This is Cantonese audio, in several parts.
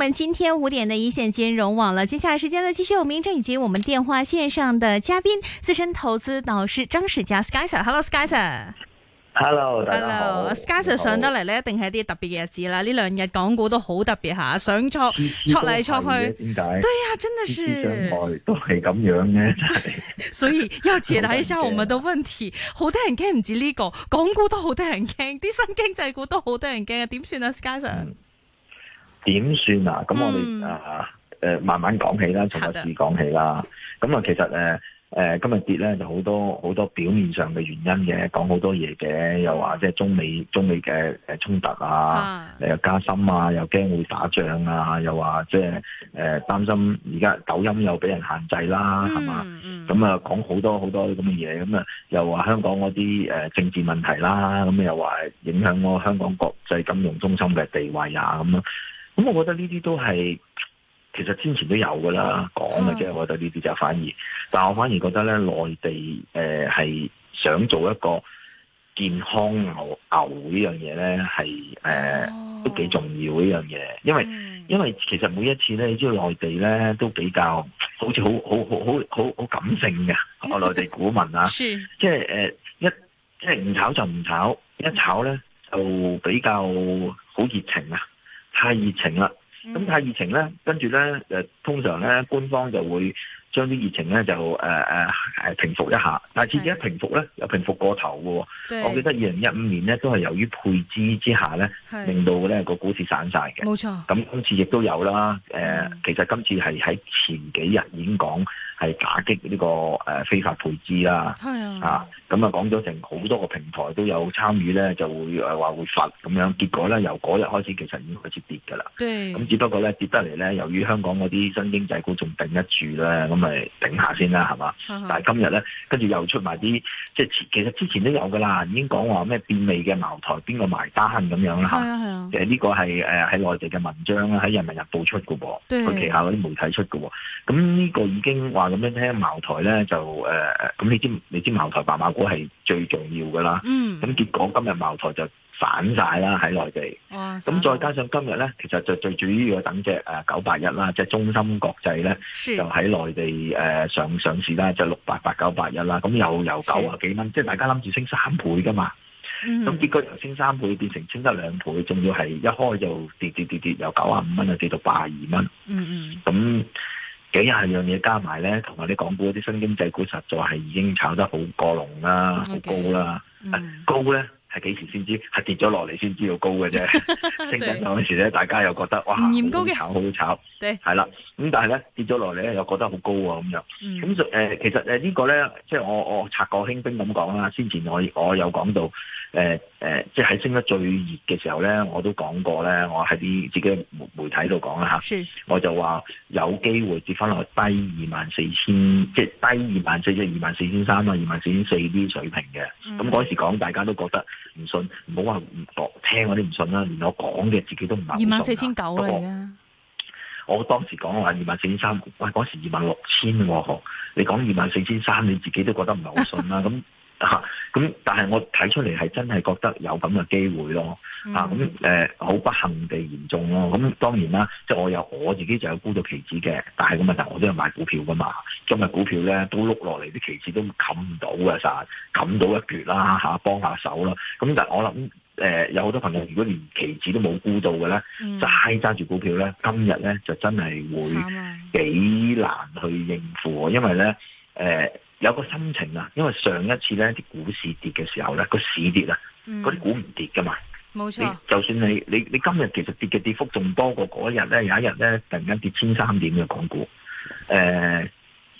我們今天五點的一線金融網了，接下來時間呢繼續有名正以及我們電話線上的嘉賓，資深投資導師張士佳 Sky Sir, Hello Sky Sir，Hello，Hello，Sky Sir 上得嚟咧，Hello. 一定係一啲特別嘅日子啦。呢 Hello. 兩日港股都好特別吓，想挫挫嚟挫去，點解？對呀、啊，真的是。原來都係咁樣嘅。 所以要解答 怕一下我們的問題，好多人驚唔止呢、這個，港股都好多人驚，啲新經濟股都好多人驚，點算啊，Sky、Sir? s e r、嗯點算啊？咁我哋啊，誒、嗯呃，慢慢講起啦，從個市講起啦。咁啊的，其實誒，誒、呃，今日跌咧就好多好多表面上嘅原因嘅，講好多嘢嘅，又話即係中美中美嘅誒衝突啊，誒的加深啊，又驚會打仗啊，又話即係誒擔心而家抖音又俾人限制啦，係嘛？咁啊，講好多好多咁嘅嘢，咁啊，又話香港嗰啲誒政治問題啦，咁又話影響我香港國際金融中心嘅地位啊，咁啊。咁、嗯，我覺得呢啲都係其實之前都有噶啦，講嘅啫。我覺得呢啲就反而，嗯、但係我反而覺得咧，內地誒係、呃、想做一個健康牛牛股呢樣嘢咧，係誒、呃哦、都幾重要呢樣嘢。因為、嗯、因為其實每一次咧，你知道內地咧都比較好似好好好好好好感性嘅，我、嗯、內地股民啊，是即係誒、呃、一即係唔炒就唔炒，一炒咧就比較好熱情啊。太熱情啦，咁太熱情咧，跟住咧，誒，通常咧，官方就會。將啲熱情咧就誒誒誒平復一下，但係自己一平復咧，又平復過頭嘅。我記得二零一五年咧，都係由於配資之下咧，令到咧個股市散晒嘅。冇錯。咁今次亦都有啦。誒，其實今次係喺前幾日已經講係打擊呢個誒非法配資啦。啊。咁啊講咗成好多個平台都有參與咧，就會誒話會罰咁樣。結果咧，由嗰日開始其實已經開始跌㗎喇。咁只不過咧跌得嚟咧，由於香港嗰啲新經濟股仲定得住咧。咪頂下先啦，係嘛？但係今日咧，跟住又出埋啲，即係其實之前都有噶啦，已經講話咩變味嘅茅台邊個埋單咁樣啦嚇。係呢個係誒喺內地嘅文章啦，喺人民日報出嘅噃，佢旗下嗰啲媒體出嘅。咁呢個已經話咁樣聽，茅台咧就誒，咁你知你知茅台白馬股係最重要噶啦。嗯。咁結果今日茅台就。反晒啦喺內地，咁再加上今日咧，其實就最主要嘅等隻誒九八一啦，即係中芯國際咧，就喺內地誒上上市啦，就六八八九八一啦，咁又由九啊幾蚊，即係大家諗住升三倍噶嘛，咁結果由升三倍變成升得兩倍，仲要係一開就跌跌跌跌，由九啊五蚊啊跌到八啊二蚊，咁幾廿樣嘢加埋咧，同埋啲港股啲新經濟股實在係已經炒得好過龍啦，好高啦，高咧。係幾時先知？係跌咗落嚟先知道高嘅啫。升緊嗰時咧， 對大家又覺得哇好高嘅，炒好炒。係啦 對，咁但係咧跌咗落嚟咧，又覺得好高啊咁樣。咁就誒，其實誒呢個咧，即係我我拆過輕兵咁講啦。先前我我有講到誒誒、呃，即係喺升得最熱嘅時候咧，我都講過咧，我喺啲自己媒媒體度講啦嚇。是我就話有機會跌翻落去低二萬四千，即係低二萬四千、即係二萬四千三啊、二萬四千四啲水平嘅。咁嗰、嗯嗯、時講，大家都覺得。唔信，唔好話唔講聽我啲唔信啦，連我講嘅自己都唔係二萬四千九啦。我當時講話二萬四千三，喂嗰時二萬六千喎，你講二萬四千三，你自己都覺得唔係好信啦咁。 吓咁、 啊，但係我睇出嚟係真係覺得有咁嘅機會咯，吓咁誒，好、嗯嗯嗯、不幸地嚴重咯。咁當然啦，即係我有我自己就有沽到期指嘅，但係咁啊，但我都有買股票噶嘛。今日股票咧都碌落嚟，啲期指都冚唔到嘅，實冚到一橛啦吓，幫下手啦。咁、嗯、但係我諗誒、呃，有好多朋友如果連期指都冇沽到嘅咧，齋揸住股票咧，今日咧就真係會幾難去應付，嗯、因為咧誒。呃呃有個心情啊，因為上一次咧啲股市跌嘅時候咧，個市跌啊，嗰啲、嗯、股唔跌噶嘛。冇錯錯。就算你你你今日其實跌嘅跌幅仲多過嗰日咧，有一日咧突然間跌千三點嘅港股。誒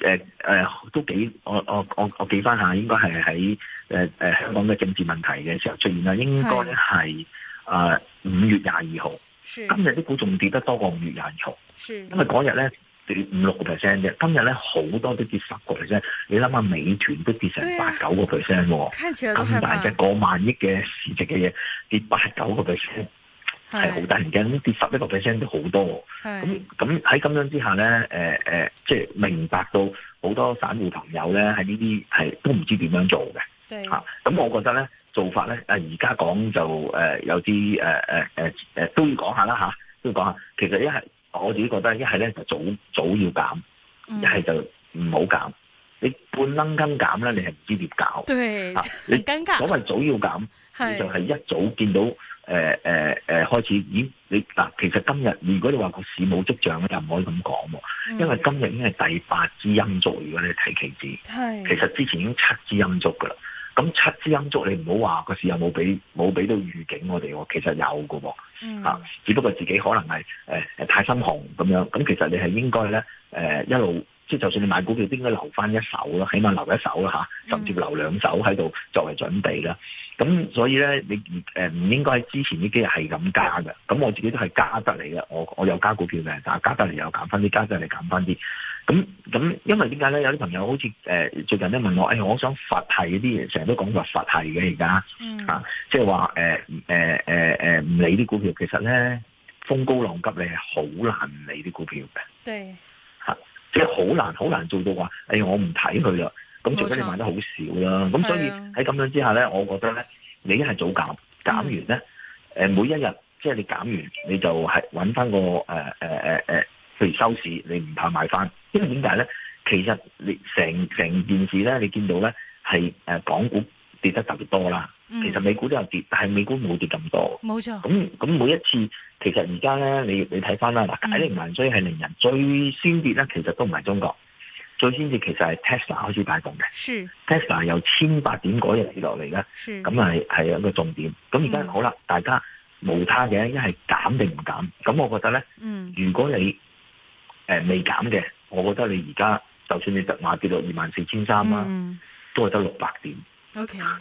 誒誒，都幾我我我我記翻下，應該係喺誒誒香港嘅政治問題嘅時候出現啦。應該係啊五月廿二號，是今日啲股仲跌得多過五月廿二號。是因為嗰日咧。五六個 percent 啫，今日咧好多都跌十個 percent，你諗下美團都跌成八九個 percent 喎，咁、哦、大隻，過萬億嘅市值嘅嘢跌八九個 percent，係好大，突然間跌十一個 percent 都好多，咁咁喺咁樣之下咧，誒、呃、誒、呃，即係明白到好多散戶朋友咧喺呢啲係都唔知點樣做嘅，嚇對，咁、啊、我覺得咧做法咧，誒而家講就誒有啲誒誒誒誒都要講下啦吓，都要講下，其實一係。我自己覺得一係咧就早早要減，一係就唔好減。你半楞斤減咧，你係唔知點搞。對、啊，你所謂早要減，是就係一早見到誒誒誒開始。咦，你嗱，其實今日如果你話個市冇跡象咧，就唔可以咁講。嗯、因為今日已經係第八支陰燭，如果你睇期指，係是其實之前已經七支陰燭噶啦。咁七支陰燭，你唔好話個市有冇俾冇俾到預警我哋、哦、其實有嘅喎、嗯、只不過自己可能係誒誒太心紅咁樣，咁其實你係應該咧誒一路，即係就算你買股票，都應該留翻一手啦，起碼留一手啦嚇、啊，甚至留兩手喺度作為準備啦。咁、嗯、所以咧，你誒唔應該之前呢幾日係咁加嘅，咁我自己都係加得嚟嘅，我我有加股票嘅，但係加得嚟又減翻啲，加得嚟減翻啲。咁咁，嗯、因為點解咧？有啲朋友好似誒、呃，最近咧問我，哎，我想佛系啲嘢，成日都講話佛系嘅而家，嗯、啊，即係話誒誒誒誒，唔、呃呃呃呃、理啲股票，其實咧風高浪急，你係，好難理啲股票嘅。對，吓、啊，即係好難，好難做到話，哎，我唔睇佢啦。咁除非你買得好少啦、啊。咁錯所以喺咁、嗯、樣之下咧，我覺得咧，你一係早減，減完咧，誒、嗯，每一日即係你減完，你就係揾翻個誒誒誒誒。呃呃呃呃譬如收市你唔怕買翻，因為點解咧？其實你成成件事咧，你見到咧係誒港股跌得特別多啦。嗯、其實美股都有跌，但係美股冇跌咁多。冇錯。咁咁每一次，其實而家咧，你你睇翻啦，嗱，解鈴還須繫鈴人、嗯、最先跌咧，其實都唔係中國，最先至其實係 Tesla 開始帶動嘅。是 Tesla 由千八點嗰日跌落嚟嘅，咁係係一個重點。咁而家好啦，大家無他嘅，一係減定唔減。咁我覺得咧，嗯，如果你，如果你誒、呃，未減嘅，我覺得你而家就算你特碼跌到二萬四千三啦，嗯、都係得六百點。O K 啊，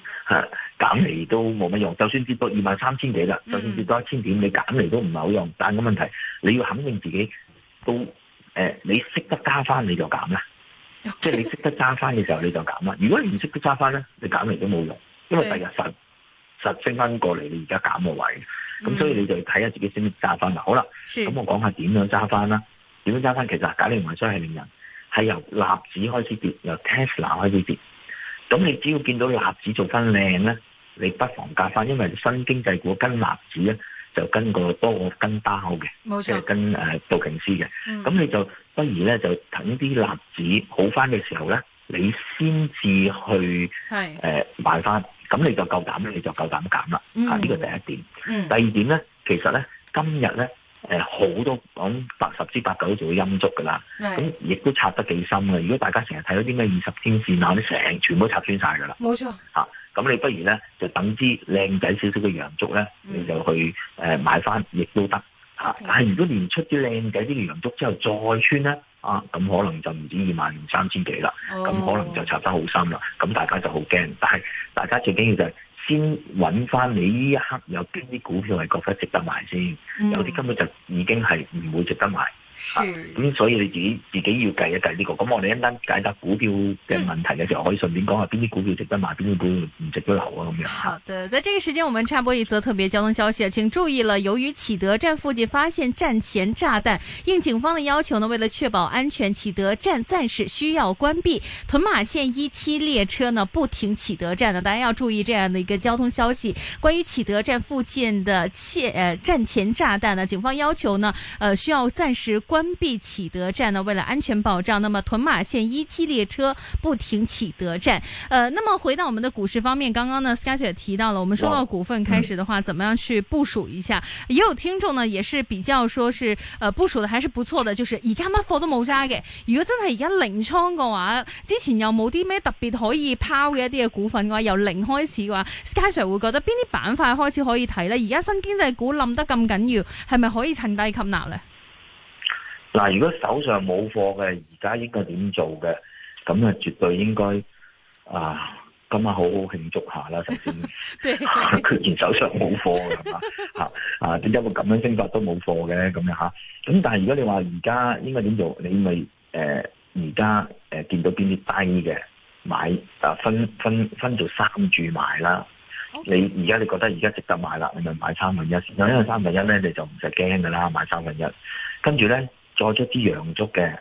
減嚟都冇乜用。就算跌到二萬三千幾啦，就算跌到一千點，你減嚟都唔係好用。但係個問題，你要肯定自己都誒、呃，你識得揸翻你就減啦，Okay. 即係你識得揸翻嘅時候你就減啦。如果你唔識得揸翻咧，你減嚟都冇用，因為第日實實升翻過嚟，你而家減個位。咁所以你就睇下自己識唔識揸翻。好啦，咁我講下點樣揸翻啦。是點樣加翻？其實啊，今唔雲霄係令人係由納指開始跌，由 Tesla 開始跌。咁你只要見到納指做翻靚咧，你不妨加翻，因為新經濟股跟納指咧就跟個多跟單好嘅，即係跟誒道瓊斯嘅。咁錯你就不如咧就等啲納指好翻嘅時候咧，你先至去誒買翻。咁你就夠膽減，你就夠膽減啦。嚇、嗯、呢、啊這個第一點。嗯、第二點咧，其實咧，今日咧。誒，好、嗯、多講八、嗯、十至八九就會陰燭噶啦，咁亦是都拆得幾深噶。如果大家成日睇到啲咩二十天線錯啊，啲成全部都拆穿晒噶啦。冇錯。吓，咁你不如咧就等啲靚仔少少嘅陽燭咧，嗯、你就去誒、呃、買翻，亦都得。吓、啊，Okay. 但係如果連出啲靚仔啲陽燭之後再穿咧，啊，咁可能就唔止二萬三千幾啦。咁、哦、可能就拆得好深啦。咁大家就好驚，但係大家最緊要就係。先揾翻你呢一刻有邊啲股票係覺得值得買先，嗯、有啲根本就已經係唔會值得買。咁是、啊、所以你自己自己要計一計呢、這個，咁我哋一陣間解答股票嘅問題嘅時候，可以順便講下邊啲股票值得買，邊啲股票唔值得留啊咁樣。好的，在這個時間我們插播一則特別交通消息，請注意了，由於啟德站附近發現戰前炸彈，應警方的要求呢，為了確保安全，啟德站暫時需要關閉，屯馬線一、e、期列車呢不停啟德站的，大家要注意這樣的一個交通消息。關於啟德站附近的竊、呃、戰前炸彈呢，警方要求呢，呃需要暫時。關閉啟德站呢，為了安全保障，那麼屯馬綫一期列車不停啟德站。呃，那麼回到我們的股市方面，剛剛呢，SkySir 提到了，我們說到股份開始的話，怎麼樣去部署一下？也有哇聽眾呢，也是比較說是，呃，部署的還是不錯的。就是而家乜貨都冇揸嘅。如果真係而家零倉嘅話，之前又冇啲咩特別可以拋嘅一啲嘅股份嘅話，由零開始嘅話，SkySir 會覺得邊啲板塊開始可以睇呢？而家新經濟股冧得咁緊要，係咪可以趁低吸納咧？嗱，如果手上冇貨嘅，而家應該點做嘅？咁啊，絕對應該啊，今日好好慶祝下啦！首先， 對 居然手上冇貨嘅係嘛？吓 啊，點解會咁樣升法都冇貨嘅？咁樣吓，咁但係如果你話而家應該點做？你咪誒，而家誒見到邊啲低嘅買啊，分分分，分做三住買啦。Okay. 你而家你覺得而家值得買啦？你咪買三分一。因為三分一咧，你就唔使驚噶啦，買三分一。跟住咧。再出支陽燭嘅，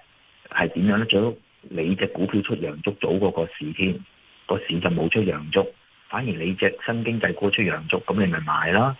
係點樣咧？最好你隻股票出陽燭早過個市添，個市就冇出陽燭，反而你隻新經濟股出陽燭，咁你咪買啦，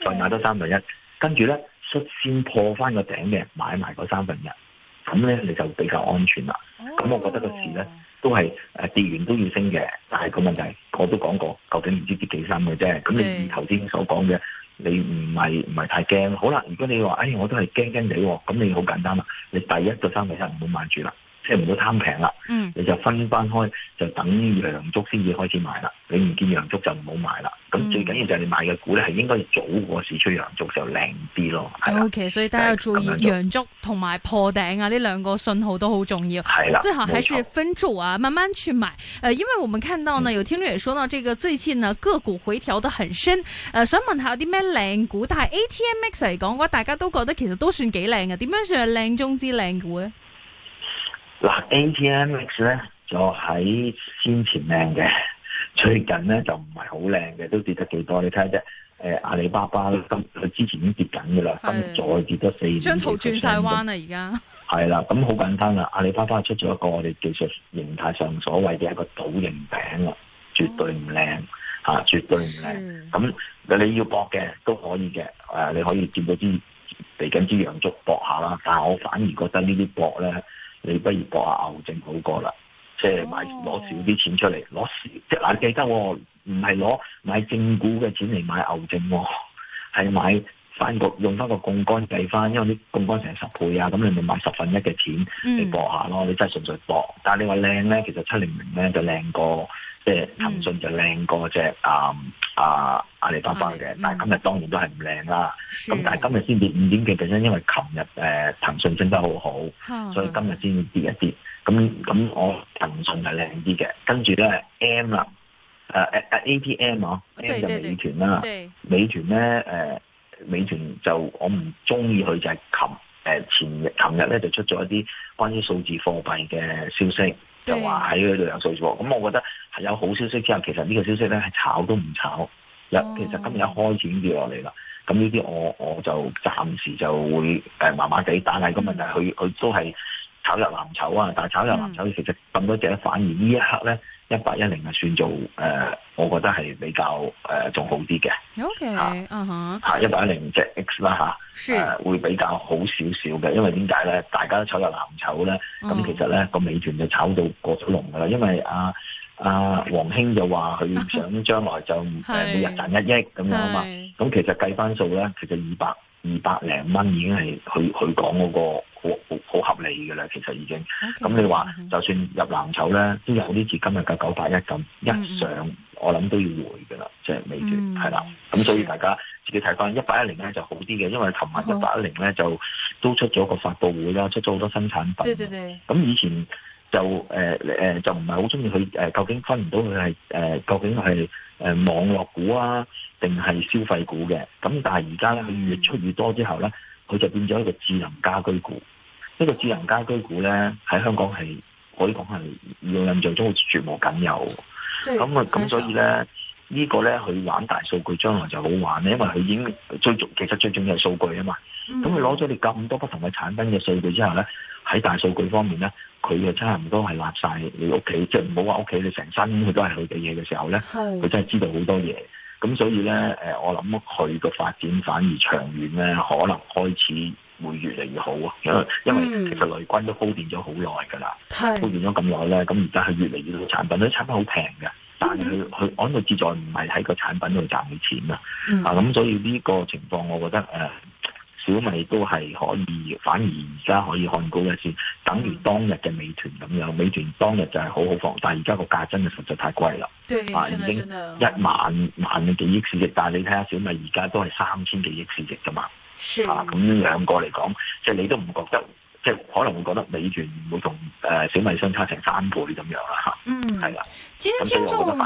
再買多三分一，跟住咧率先破翻個頂嘅買埋嗰三分一，咁咧你就比較安全啦。咁我覺得個市咧都係跌完都要升嘅，但係個問題我都講過，究竟唔知跌幾深嘅啫。咁你頭先所講嘅。你唔係唔係太驚，好啦。如果你話哎，我都係驚驚地喎，咁你好簡單啦。你第一到三個三萬三唔好慢住啦。即係唔好貪平啦，嗯、你就分翻開，就等量足先至開始買啦。你唔見量足就唔好買啦。咁、嗯、最緊要就係你買嘅股咧，係應該早過市出量足就靚啲咯。O Okay , K，是所以大家要注意量足同埋破頂啊，呢兩個信號都好重要。係啦的，即係分注啊，錯慢慢去買。誒、呃，因為我們看到呢，嗯、有聽眾也說到，這個最近呢個股回調得很深。誒、呃，想問、呃、下有啲咩靚股，但係 A T M X 嚟講嘅話，大家都覺得其實都算幾靚嘅。點樣算係靚中之靚股咧？嗱，A T M X 咧就喺先前靚嘅，最近咧就唔係好靚嘅，都跌得幾多，你睇下啫。誒、呃，阿里巴巴今佢之前已經跌緊嘅啦，今日的再跌多四張圖轉晒彎啦，而家係啦，咁好在簡單啦。阿里巴巴出咗一個我哋技術形態上所謂嘅一個倒形餅啦，絕對唔靚吓，絕對唔靚。咁的、嗯、你要搏嘅都可以嘅，誒、啊，你可以見到啲嚟緊啲洋竹搏下啦。但係我反而覺得呢啲搏咧。你不如博下牛證好過啦，即係買，攞少啲錢出嚟，攞，即係難記得喎、哦，唔係攞買正股嘅錢嚟買牛證喎、哦，係買翻個，用翻個槓桿計翻，因為啲槓桿成十倍啊，咁你咪買十分一嘅錢你博下咯，你真係純粹博。但係你話靚咧，其實七零零咧就靚過，即係騰訊就靚過隻啊，啊阿里巴巴嘅，嗯、但係今日當然都係唔靚啦。咁的但係今日先跌五點幾 percent 因為琴日，誒騰訊升得好好，的所以今日先跌一跌。咁咁我騰訊係靚啲嘅，跟住咧 M 啦，誒誒 ATM 嗬，M 就美團啦、呃。美團咧誒，美團就我唔中意佢就係琴誒前琴、呃、日咧就出咗一啲關於數字貨幣嘅消息。就話喺佢度有數據喎，咁我覺得係有好消息之後，其實呢個消息咧係炒都唔炒，有其實今日開始已經跌落嚟啦。咁呢啲我我就暫時就會誒麻麻地打，但係個問題，佢佢都係炒入藍籌啊，但係炒入藍籌其實咁多隻反而呢一刻咧。嗯 嗯一百一零啊，算做誒、呃，我覺得係比較誒仲、呃、好啲嘅。O、okay, K，、uh huh. 啊嚇，一百一零隻 X 啦、啊、嚇，誒是會比較好少少嘅，因為點解咧？大家都炒入藍籌咧，咁、嗯 uh huh. 其實咧個美團就炒到過咗龍噶啦，因為阿阿王興就話佢想將來就誒每日賺一億咁樣啊嘛，咁其實計翻數咧，其實二百二百零蚊已經係佢佢講嗰、那個好。 好合理嘅啦，其實已經咁。Okay, 你話 yes, 就算入藍籌咧，都有啲至今日夠九百一咁，um、一上我諗都要回嘅啦，即、就、係、是、未絕係啦。咁所以大家自己睇翻一八一零咧就好啲嘅，因為琴日一八一零咧就都出咗個發佈會啦，出咗好多新產品。咁以前就誒誒、呃、就唔係好中意佢誒，究竟分唔到佢係誒究竟係誒網絡股啊，定係消費股嘅？咁但係而家咧佢越出越多之後咧，佢就變咗一個智能家居股。呢個智能家居股咧喺香港係可以講係我印象中絕無僅有，咁啊咁所以咧呢對個咧佢玩大數據，將來就好玩咧，因為佢已經最重其實最重要係數據啊嘛。咁佢攞咗你咁多不同嘅產品嘅數據之後咧，喺大數據方面咧，佢嘅真係唔多係立晒你屋企，即係唔好話屋企你成身佢都係佢嘅嘢嘅時候咧，佢是真係知道好多嘢。咁所以咧，誒的我諗佢個發展反而長遠咧，可能開始。會越嚟越好啊！因為其實雷軍都鋪墊咗好耐㗎啦，嗯、鋪墊咗咁耐咧，咁而家係越嚟越多產品咧，產品好平嘅，但係佢佢安個志在唔係喺個產品度賺錢、嗯、啊！啊咁，所以呢個情況，我覺得誒、呃、小米都係可以，反而而家可以看高一線，等於當日嘅美團咁樣，美團當日就係好好放，但係而家個價真係實在太貴啦！對嗯、已經一萬萬幾億市值，但係你睇下小米而家都係三千幾億市值㗎嘛～吓，咁是、啊、兩個嚟講，即係你都唔覺得，即係可能會覺得美團唔會同誒、呃、小米相差成三倍咁樣啦吓，嗯，係啦的，其實聽眾。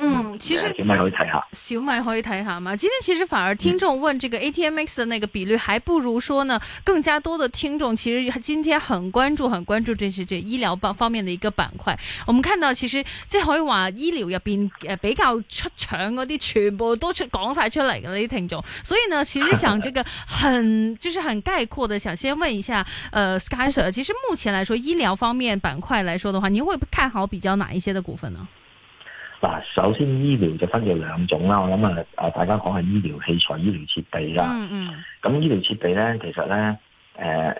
嗯，其實小米可以睇下，小米可以睇下嘛。今天其實反而聽眾問這個 ATMX 的那個比率，還不如說呢，嗯、更加多的聽眾其實今天很關注，很關注這些這醫療方方面的一個板塊。我們看到其實可以話醫療入邊誒比較出場嗰啲，全部都出講晒出嚟嘅呢啲聽眾。所以呢，其實想這個很， 就是很概括的，想先問一下，呃，SkySir，其實目前來說醫療方面板塊來說的話，你會看好比較哪一些的股份呢？嗱，首先醫療就分咗兩種啦，我諗啊，啊大家講係醫療器材、醫療設備啦。嗯嗯、mm。咁、hmm. 醫療設備咧，其實咧，誒、呃，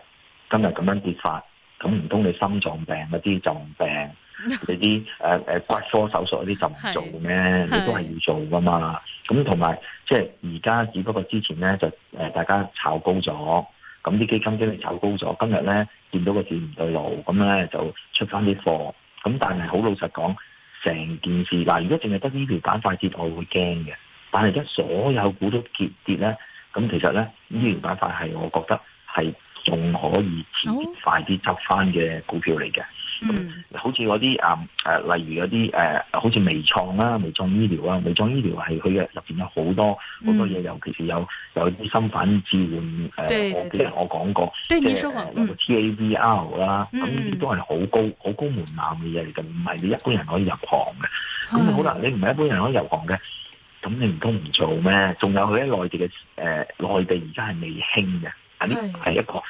今日咁樣跌法，咁唔通你心臟病嗰啲就唔病，你啲誒誒骨科手術嗰啲就唔做咩？ 你都係要做噶嘛。咁同埋即係而家，只不過之前咧就誒大家炒高咗，咁啲基金經理炒高咗，今日咧見到個市唔對路，咁咧就出翻啲貨。咁但係好老實講。成件事嗱，如果淨係得醫療板塊跌，我會驚嘅。但係而家所有股都結跌咧，咁其實咧，醫療板塊係我覺得係仲可以快啲執翻嘅股票嚟嘅。嗯、好似嗰啲誒誒，例如嗰啲誒，好似微創啦、啊、微創醫療啊、微創醫療係佢嘅入邊有好多好多嘢，嗯、尤其是有有啲心瓣置換我記得我講過，即係嗰個 TAVR 啦，咁亦都係好高好、嗯、高門檻嘅嘢嚟嘅，唔係你一般人可以入行嘅。咁好啦，你唔係一般人可以入行嘅，咁你唔通唔做咩？仲有佢喺內地嘅誒、呃，內地而家係未興嘅，係一個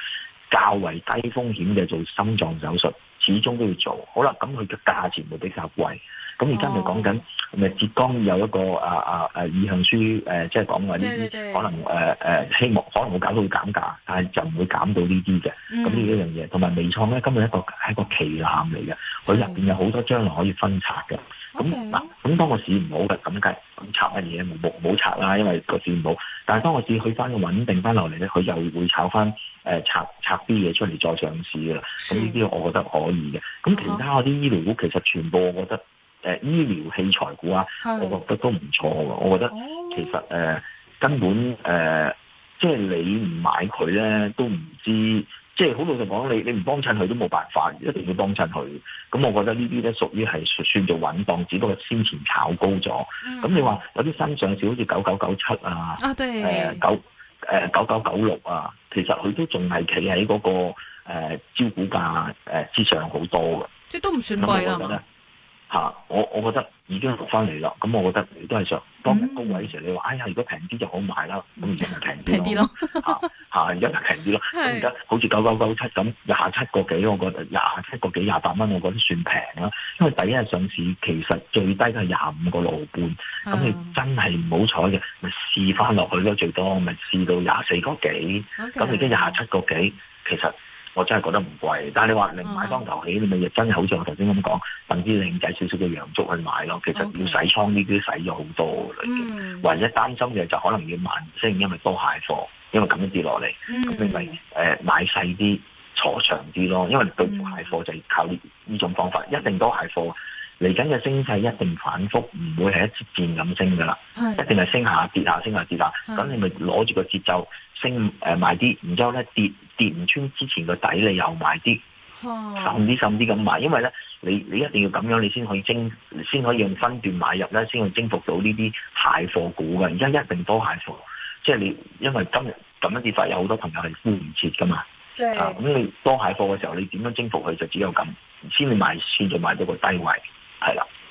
較為低風險嘅做心臟手術。始終都要做好啦，咁佢嘅價錢會比較貴。咁而家咪講緊，咪、哦、浙江有一個啊啊誒意向書誒、呃，即係講話呢啲可能誒誒、呃、希望可能會搞到減價，但係就唔會減到、嗯、呢啲嘅。咁呢一樣嘢，同埋微創咧，今日一個係個奇難嚟嘅。佢入邊有好多將來可以分拆嘅。咁嗱 Okay.，咁當個市唔好嘅咁計，咁拆乜嘢冇冇拆啦，因為個市唔好。但係當個市去翻嘅穩定翻落嚟咧，佢又會炒翻誒拆拆啲嘢出嚟再上市嘅啦。咁呢啲我覺得可以嘅。咁其他嗰啲醫療股其實全部我覺得誒、呃、醫療器材股啊，我覺得都唔錯，的我覺得其實誒、呃、根本誒、呃，即係你唔買佢咧，都唔知。即係好老實講，你你唔幫襯佢都冇辦法，一定要幫襯佢。咁我覺得呢啲咧屬於係算做穩當，只不過先前炒高咗。咁、嗯、你話有啲新上市好似九九九七啊，對、誒九誒九九九六啊，其實佢都仲係企喺嗰個、呃、招股價誒之上好多嘅。即係都唔算貴，我覺得。吓、啊，我我覺得已經落翻嚟啦，咁我覺得你都係想當日高位時，你話哎呀，如果平啲就好買啦，咁而家平啲咯，吓而家平啲咯，咁而家好似九九九七咁，廿七個幾，我覺得廿七個幾廿八蚊，我覺得算平啦，因為第一日上市其實最低都係廿五個六毫半，咁、啊、你真係唔好彩嘅，咪試翻落去咯，最多咪試到廿四個幾，咁而家廿七個幾，其實。我真係覺得唔貴，但係你話你買當頭起，你咪真係好似我頭先咁講，等啲靚仔少少嘅洋燭去買咯。其實要洗倉呢啲洗咗好多嚟嘅，Okay. 或者擔心嘅就可能要慢升，因為多蟹貨，因為咁樣跌落嚟，咁、mm. 你咪誒、呃、買細啲，坐長啲咯。因為對付蟹貨就係靠呢種方法，一定多蟹貨，嚟緊嘅升勢一定反覆，唔會係一節線咁升噶啦，mm. 一定係升下跌下，升下跌下。咁你咪攞住個節奏升，升誒買啲，然之後咧跌。跌唔穿之前嘅底，你又買啲深啲、深啲咁買，因為咧，你你一定要咁樣，你先可以征，先可以用分段買入咧，先可以征服到呢啲蟹貨股嘅。而家一定多蟹貨，即係你，因為今日咁樣跌法，有好多朋友係沽唔切㗎嘛。對啊，咁你多蟹貨嘅時候，你點樣征服佢就只有咁，先至買，先至買到個低位，係啦。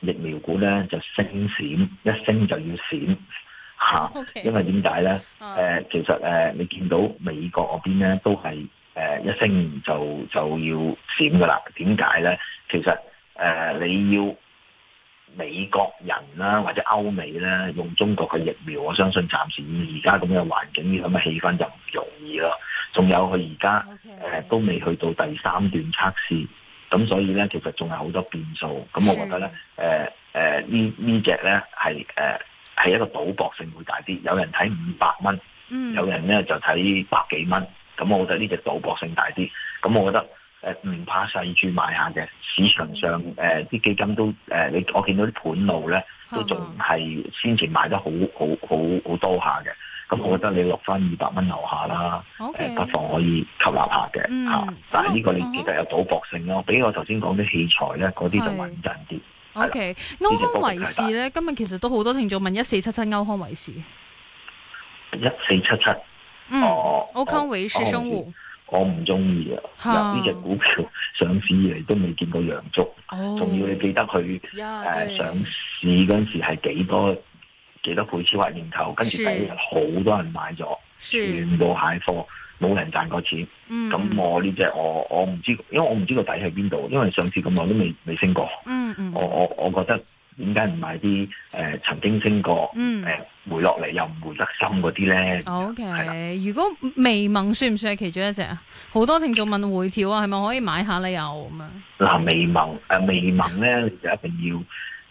疫苗股咧就升閃，一升就要閃吓，啊、Okay. 因為點解咧？誒、呃，其實誒、呃，你見到美國嗰邊咧都係誒、呃、一升就就要閃噶啦。點解咧？其實誒、呃、你要美國人啦或者歐美咧用中國嘅疫苗，我相信暫時以而家咁嘅環境、呢咁嘅氣氛就唔容易咯。仲有佢而家誒都未去到第三段測試。咁所以咧，其實仲有好多變數。咁我覺得咧，誒誒的、呃、呢呢隻咧係誒係一個賭博性會大啲。有人睇五百蚊，嗯、有人咧就睇百幾蚊。咁我覺得呢隻賭博性大啲。咁我覺得誒唔、呃、怕細處買下嘅市場上誒啲、呃、基金都誒，你、呃、我見到啲盤路咧都仲係先前買得好好好好多下嘅。咁我覺得你落翻二百蚊樓下啦，不妨可以吸納下嘅嚇。但係呢個你記得有賭博性咯。比我頭先講啲器材啦，嗰啲就穩陣啲。OK，歐康維視咧，今日其實都好多聽眾問一四七七歐康維視。一四七七。嗯。歐康維視生物。我唔中意啊！由呢隻股票上市以嚟都未見過陽燭。仲要你記得佢誒上市嗰陣時係幾多？幾多倍超額認購，跟住第一日好多人買咗，了全部蟹貨，冇人賺過錢。咁、嗯嗯、我呢隻我我唔知，因為我唔知個底喺邊度。因為上次咁我都未未升過。嗯嗯我我我覺得點解唔買啲誒、呃、曾經升過誒、嗯呃、回落嚟又唔回得深嗰啲咧？OK，、啊、如果微盟算唔算係其中一隻啊？好多聽眾問回調啊，係咪可以買下咧？又咁啊？嗱，微盟誒、呃、微盟咧，你就一定要。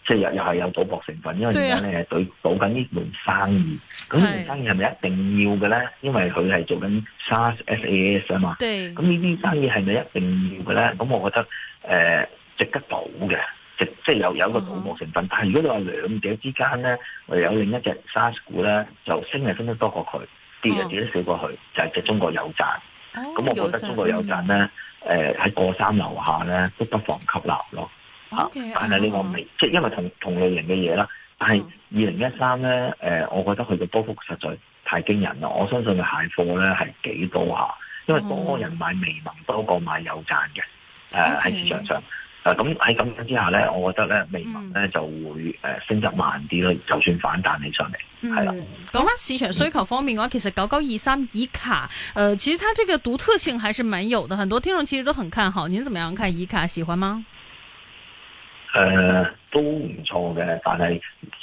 即係又又係有賭博成分，因為而家咧對賭緊呢門生意，咁呢門生意係咪一定要嘅咧？因為佢係做緊 SaaS SaaS 啊嘛，咁呢啲生意係咪一定要嘅咧？咁我覺得誒、呃、值得賭嘅，即係、就是、有有一個賭博成分。嗯、哼但係如果你話兩者之間咧，我哋有另一隻 SaaS 股咧，就升係升得多過佢，跌又跌得少過佢，就係、是、隻中國有贊。咁、哎、我覺得中國有贊咧，誒喺、嗯呃、過三樓下咧，都不妨吸納咯。但係你話未，即係 Okay ,、uh, 因為同同類型嘅嘢啦，uh, 但係二零一三咧，誒、uh, 呃，我覺得佢嘅波幅實在太驚人啦。我相信嘅蟹貨咧係幾多下、啊，因為多人買微盟多過買有贊嘅，誒喺市場上，誒咁喺咁樣之下咧，我覺得咧微盟咧就會誒升得慢啲咯。就算反彈起上嚟，係、um, 啦。講返市場需求方面嘅話，其實九九二三以卡，誒、呃，其實佢這個獨特性還是蠻有嘅。很多聽眾其實都很看好，您怎麼樣看？以卡喜歡嗎？誒、呃，都唔錯嘅，但係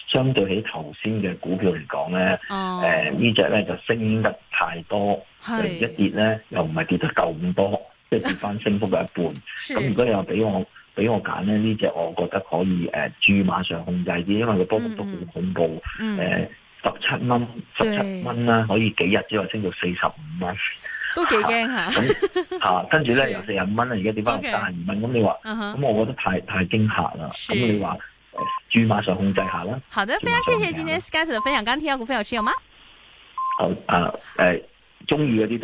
相對起頭先嘅股票嚟講咧，誒、哦呃、呢隻咧就升得太多，是一跌咧又唔係跌得咁多，即係跌翻升幅嘅一半。咁 是如果你話俾我俾我揀咧，呢隻我覺得可以誒，注、呃、碼上控制啲，因為個波幅都好恐怖。誒、嗯，十七蚊，十七蚊啦，對可以幾日之後升到四十五蚊。都幾驚嚇，吓、 啊嗯啊、跟住咧由四十五蚊啦，而家跌翻三十五蚊，咁你話，咁我覺得太太驚嚇啦，咁是、嗯、你話、呃，注碼上控制下啦。好的，非常謝謝今天 Skys 的分享，今天嘅股友持有嗎？啊啊啊啊、 好，誒、啊，中意嗰啲都。